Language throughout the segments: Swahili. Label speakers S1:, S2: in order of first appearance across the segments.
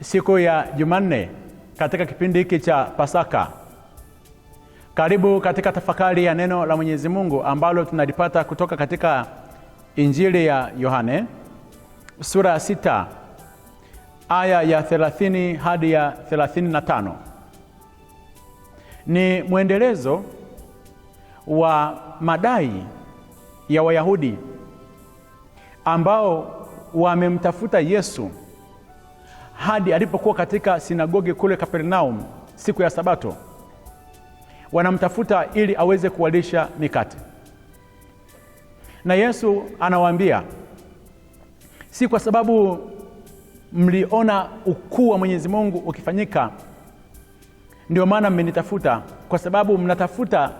S1: siku ya Jumanne katika kipindi hiki cha Pasaka. Karibu katika tafakari ya neno la Mwenyezi Mungu ambalo tunalipata kutoka katika Injili ya Yohane sura ya sita aya ya 30 hadi ya 35. Ni mwendelezo wa madai ya Wayahudi ambao wamemtafuta Yesu hadi alipokuwa katika sinagogi kule Kapernaum siku ya Sabato, wanamtafuta ili aweze kuwalisha mikate. Na Yesu anawaambia, si kwa sababu mliona ukuu wa Mwenyezi Mungu ukifanyika ndio maana mmenitafuta, kwa sababu mnatafuta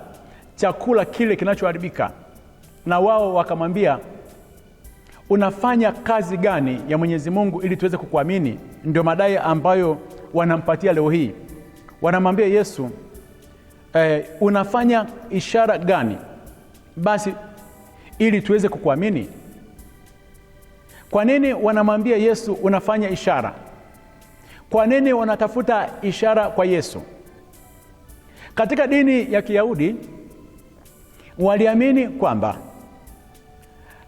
S1: chakula kile kinachoharibika. Na wao wakamwambia unafanya kazi gani ya Mwenyezi Mungu ili tuweze kukuamini? Ndio madai ambayo wanampatia leo hii. Wanamwambia Yesu eh, unafanya ishara gani basi ili tuweze kukuamini? Kwa nini wanamwambia Yesu unafanya ishara? Kwa nini wanatafuta ishara kwa Yesu? Katika dini ya Kiyahudi waliamini kwamba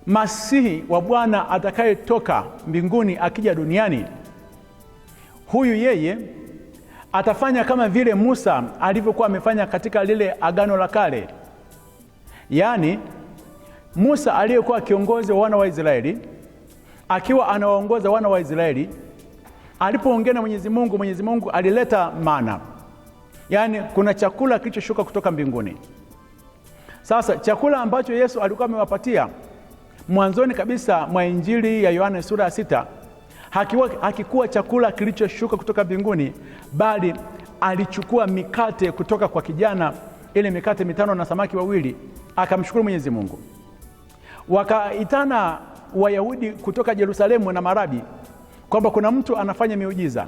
S1: Masihi wa Bwana atakayetoka mbinguni akija duniani, huyu yeye atafanya kama vile Musa alivyokuwa amefanya katika lile agano la kale. Yaani Musa aliyekuwa kiongozi wa wana wa Israeli, akiwa anawaongoza wana wa Israeli, alipoongea na Mwenyezi Mungu, Mwenyezi Mungu alileta mana, yaani kuna chakula kilichoshuka kutoka mbinguni. Sasa chakula ambacho Yesu alikuwa amewapatia Mwanzoni kabisa mwa Injili ya yohane sura ya sita hakikuwa, hakikuwa chakula kilichoshuka kutoka mbinguni, bali alichukua mikate kutoka kwa kijana, ile mikate mitano na samaki wawili, akamshukuru Mwenyezi Mungu. Wakaitana Wayahudi kutoka Yerusalemu na marabi kwamba kuna mtu anafanya miujiza.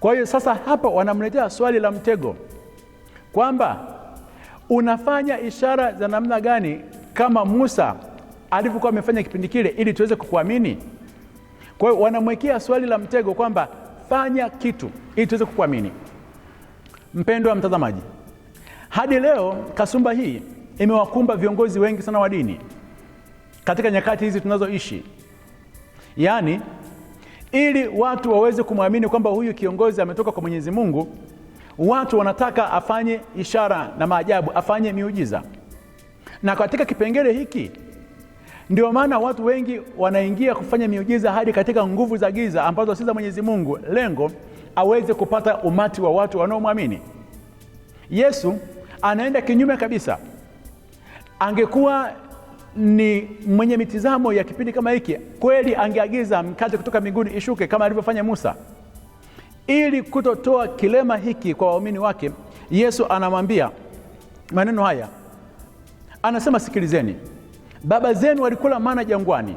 S1: Kwa hiyo sasa hapa wanamletea swali la mtego kwamba unafanya ishara za namna gani kama Musa alivyokuwa amefanya kipindi kile, ili tuweze kukuamini. Kwa hiyo wanamwekea swali la mtego kwamba fanya kitu ili tuweze kukuamini. Mpendwa mtazamaji, hadi leo kasumba hii imewakumba viongozi wengi sana wa dini katika nyakati hizi tunazoishi, yaani ili watu waweze kumwamini kwamba huyu kiongozi ametoka kwa Mwenyezi Mungu, watu wanataka afanye ishara na maajabu, afanye miujiza. Na katika kipengele hiki ndio maana watu wengi wanaingia kufanya miujiza hadi katika nguvu za giza ambazo si za Mwenyezi Mungu, lengo aweze kupata umati wa watu wanaomwamini. Yesu anaenda kinyume kabisa. Angekuwa ni mwenye mitizamo ya kipindi kama hiki, kweli angeagiza mkate kutoka mbinguni ishuke kama alivyofanya Musa, ili kutotoa kilema hiki kwa waumini wake. Yesu anamwambia maneno haya, anasema sikilizeni Baba zenu walikula mana jangwani,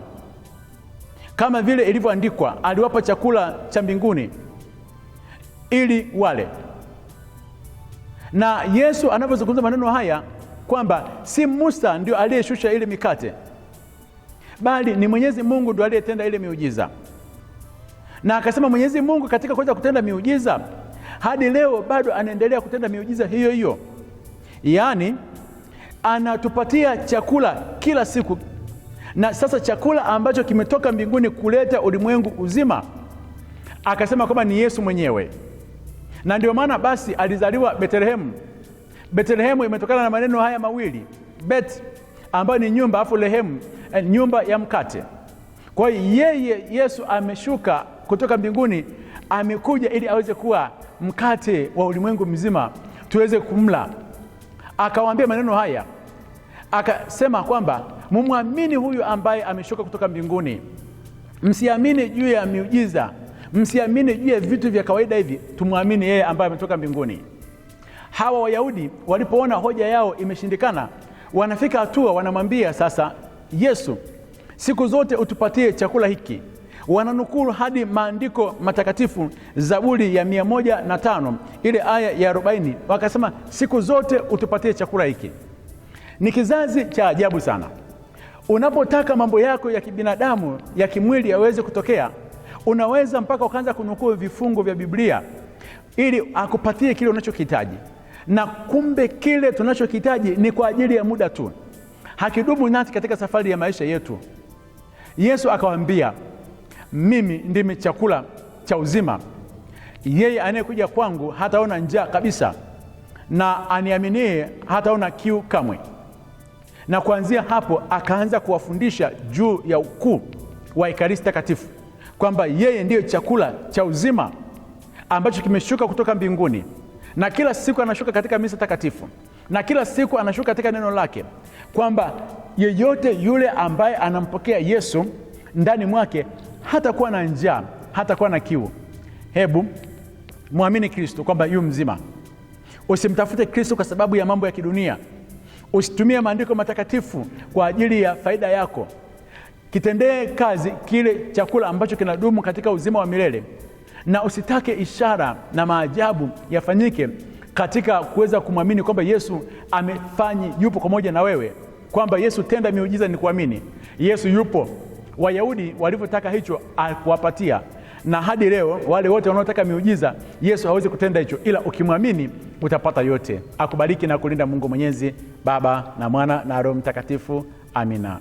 S1: kama vile ilivyoandikwa, aliwapa chakula cha mbinguni ili wale. Na Yesu anavyozungumza maneno haya kwamba si Musa ndio aliyeshusha ile mikate, bali ni Mwenyezi Mungu ndio aliyetenda ile miujiza. Na akasema Mwenyezi Mungu katika kuweza kutenda miujiza hadi leo bado anaendelea kutenda miujiza hiyo hiyo, yaani anatupatia chakula kila siku, na sasa chakula ambacho kimetoka mbinguni kuleta ulimwengu uzima, akasema kwamba ni Yesu mwenyewe. Na ndio maana basi alizaliwa Betlehemu. Betlehemu imetokana na maneno haya mawili bet, ambayo ni nyumba, afu lehemu, eh, nyumba ya mkate. Kwa hiyo yeye Yesu ameshuka kutoka mbinguni, amekuja ili aweze kuwa mkate wa ulimwengu mzima tuweze kumla. Akawaambia maneno haya akasema kwamba mumwamini huyu ambaye ameshuka kutoka mbinguni, msiamini juu ya miujiza, msiamini juu ya vitu vya kawaida hivi, tumwamini yeye ambaye ametoka mbinguni. Hawa Wayahudi walipoona hoja yao imeshindikana, wanafika hatua wanamwambia sasa, Yesu, siku zote utupatie chakula hiki. wananukuru hadi maandiko matakatifu, Zaburi ya mia moja na tano ile aya ya arobaini wakasema, siku zote utupatie chakula hiki. Ni kizazi cha ajabu sana. Unapotaka mambo yako ya kibinadamu ya kimwili yaweze kutokea, unaweza mpaka ukaanza kunukuu vifungo vya Biblia ili akupatie kile unachokihitaji, na kumbe kile tunachokihitaji ni kwa ajili ya muda tu, hakidumu nasi katika safari ya maisha yetu. Yesu akawaambia, mimi ndimi chakula cha uzima, yeye anayekuja kwangu hataona njaa kabisa, na aniaminie hataona kiu kamwe na kuanzia hapo akaanza kuwafundisha juu ya ukuu wa Ekaristi Takatifu, kwamba yeye ndiyo chakula cha uzima ambacho kimeshuka kutoka mbinguni, na kila siku anashuka katika misa takatifu, na kila siku anashuka katika neno lake, kwamba yeyote yule ambaye anampokea Yesu ndani mwake hatakuwa na njaa, hatakuwa na kiu. Hebu mwamini Kristo kwamba yu mzima. Usimtafute Kristo kwa sababu ya mambo ya kidunia. Usitumie maandiko matakatifu kwa ajili ya faida yako. Kitendee kazi kile chakula ambacho kinadumu katika uzima wa milele, na usitake ishara na maajabu yafanyike katika kuweza kumwamini kwamba Yesu amefanyi yupo pamoja na wewe, kwamba Yesu tenda miujiza ni kuamini Yesu yupo. Wayahudi walivyotaka hicho, akuwapatia na hadi leo wale wote wanaotaka miujiza, Yesu hawezi kutenda hicho, ila ukimwamini utapata yote. Akubariki na kulinda Mungu Mwenyezi, Baba na Mwana na Roho Mtakatifu. Amina.